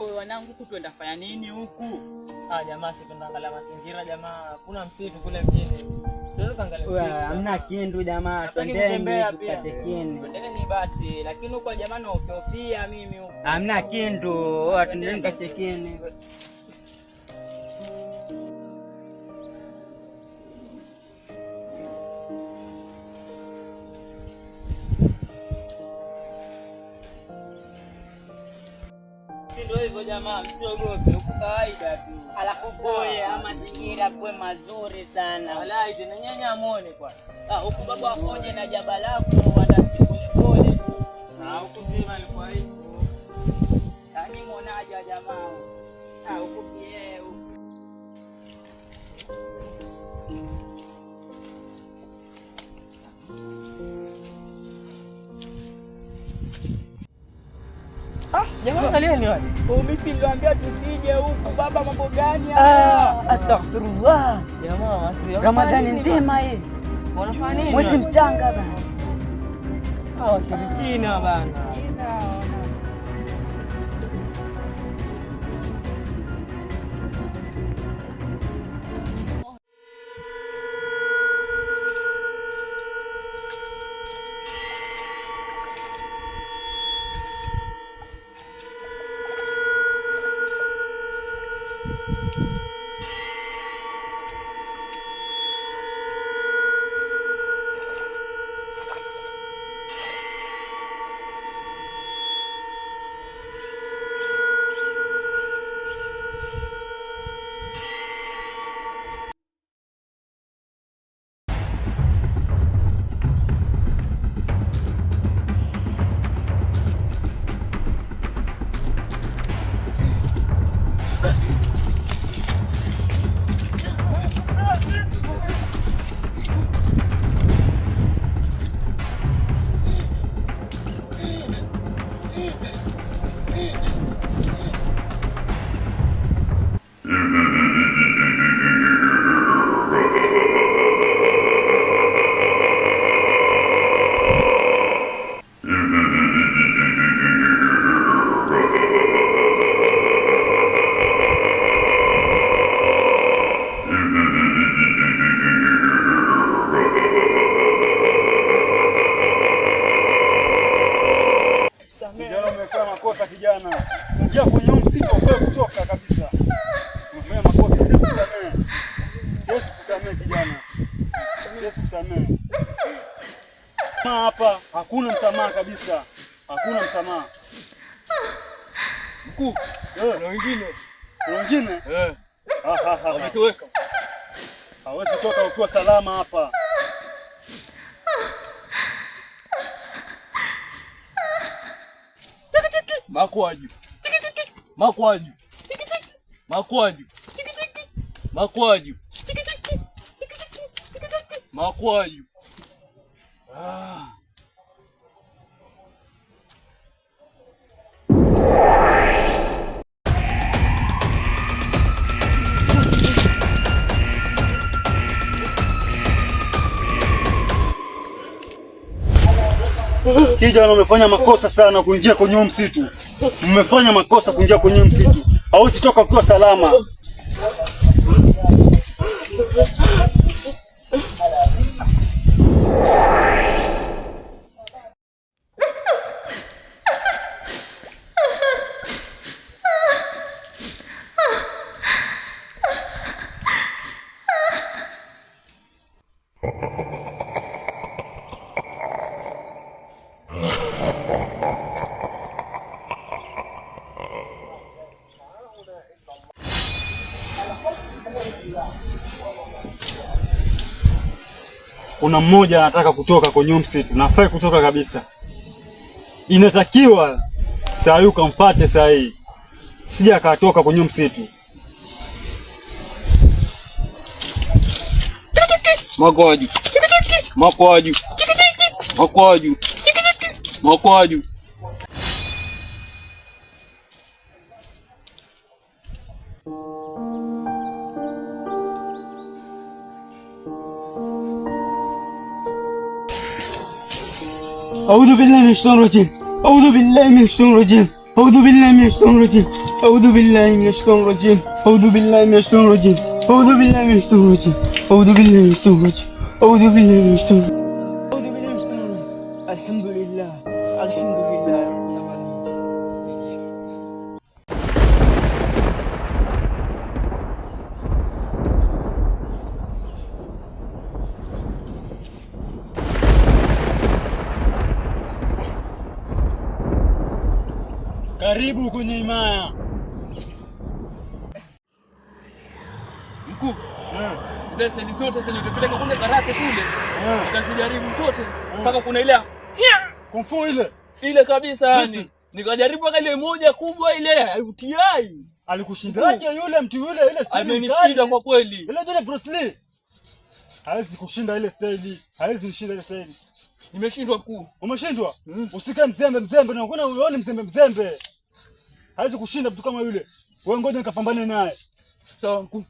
huko wanangu, huku tuenda fanya nini huku? Ah, jamaa sisi mazingira jamaa, kuna msitu kule mjini. Hamna kindu jamaa, twendeni tukate kindu. basi, lakini huko jamaa naofia mimi huko. Hamna kindu, twendeni kachekeni. si ndio hivyo jamaa, msiogope, huko kawaida tu. Alafu boye ama mazingira kwa mazuri sana, walai tena nyanya amone kwa ah, huko baba afoje na jaba lako wanasikia pole pole tu, na ah, huko sima alikuwa hivyo, yaani mwonaje jamaa ah huko pia Mimi siliwaambia tusije huku baba, mambo gani haya? Ah, astaghfirullah. Jamaa, Ramadhani nzima hii. Wanafanya nini? Mwezi mchanga bana. Hawa ah, shirikina bana. vijana, ingia kwenye msitu usiwe kutoka kabisa. Mmea makosa, sisi kusamehe, sisi kusamehe vijana, sisi kusamehe hapa. Hakuna msamaha kabisa, hakuna msamaha mkuu. Eh. Kuna wengine, kuna wengine eh. ah, ah, ah, hawezi toka ukiwa salama hapa. Makwaju. Makwaju. Makwaju. Makwaju. Makwaju. Kijana, umefanya makosa sana kuingia kwenye msitu. Mmefanya makosa kuingia kwenye msitu. Hausi toka ukiwa salama. Kuna mmoja anataka kutoka kwenye msitu, nafai kutoka kabisa. Inatakiwa saa hii ukamfate saa hii, sija akatoka kwenye msitu. Makwaju, makwaju, Thank makwaju. Euzu billahi mineşşeytanirracim. Euzu billahi mineşşeytanirracim. Euzu billahi mineşşeytanirracim. Euzu billahi mineşşeytanirracim. Euzu billahi mineşşeytanirracim. Euzu billahi mineşşeytanirracim. Euzu billahi mineşşeytanirracim. Euzu billahi mineşşeytanirracim. Karibu kwenye imaya Mkuu, eh. zile seli zote zenye tulipeleka kule karate kule, nikazijaribu eh. zote eh. mpaka kuna ile kung ile ile kabisa yani. Nikajaribu mpaka ile moja kubwa ile haivutiai. Alikushindaje yule mtu yule ile style? Amenishinda kwa kweli. Ile ile Bruce Lee. Hawezi kushinda ile style. Hawezi kushinda ile style. Nimeshindwa mkuu. Umeshindwa? Mm. Usikae mzembe mzembe na unaona uone mzembe mzembe hawezi kushinda mtu kama yule. Wewe ngoja nikapambane naye. Sawa mkuu.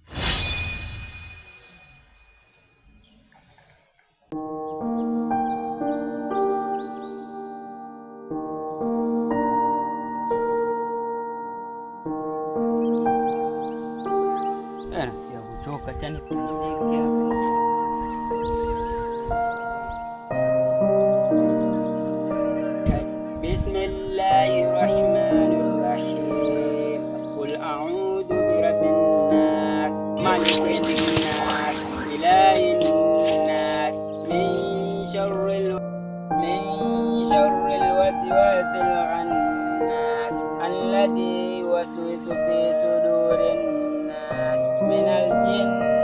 Asin al jin.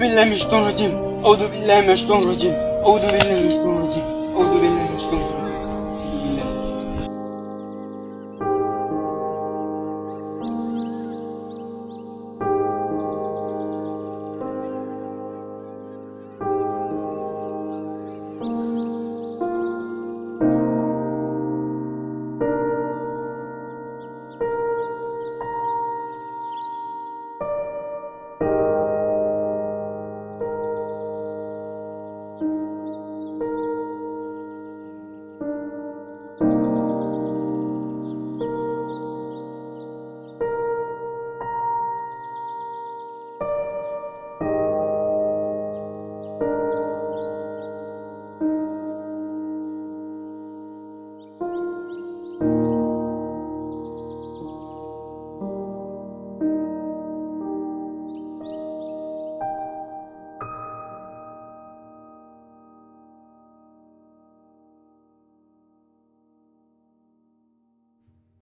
Euzu billahi mineşşeytanirracim. Euzu billahi mineşşeytanirracim. Euzu billahi mineşşeytanirracim.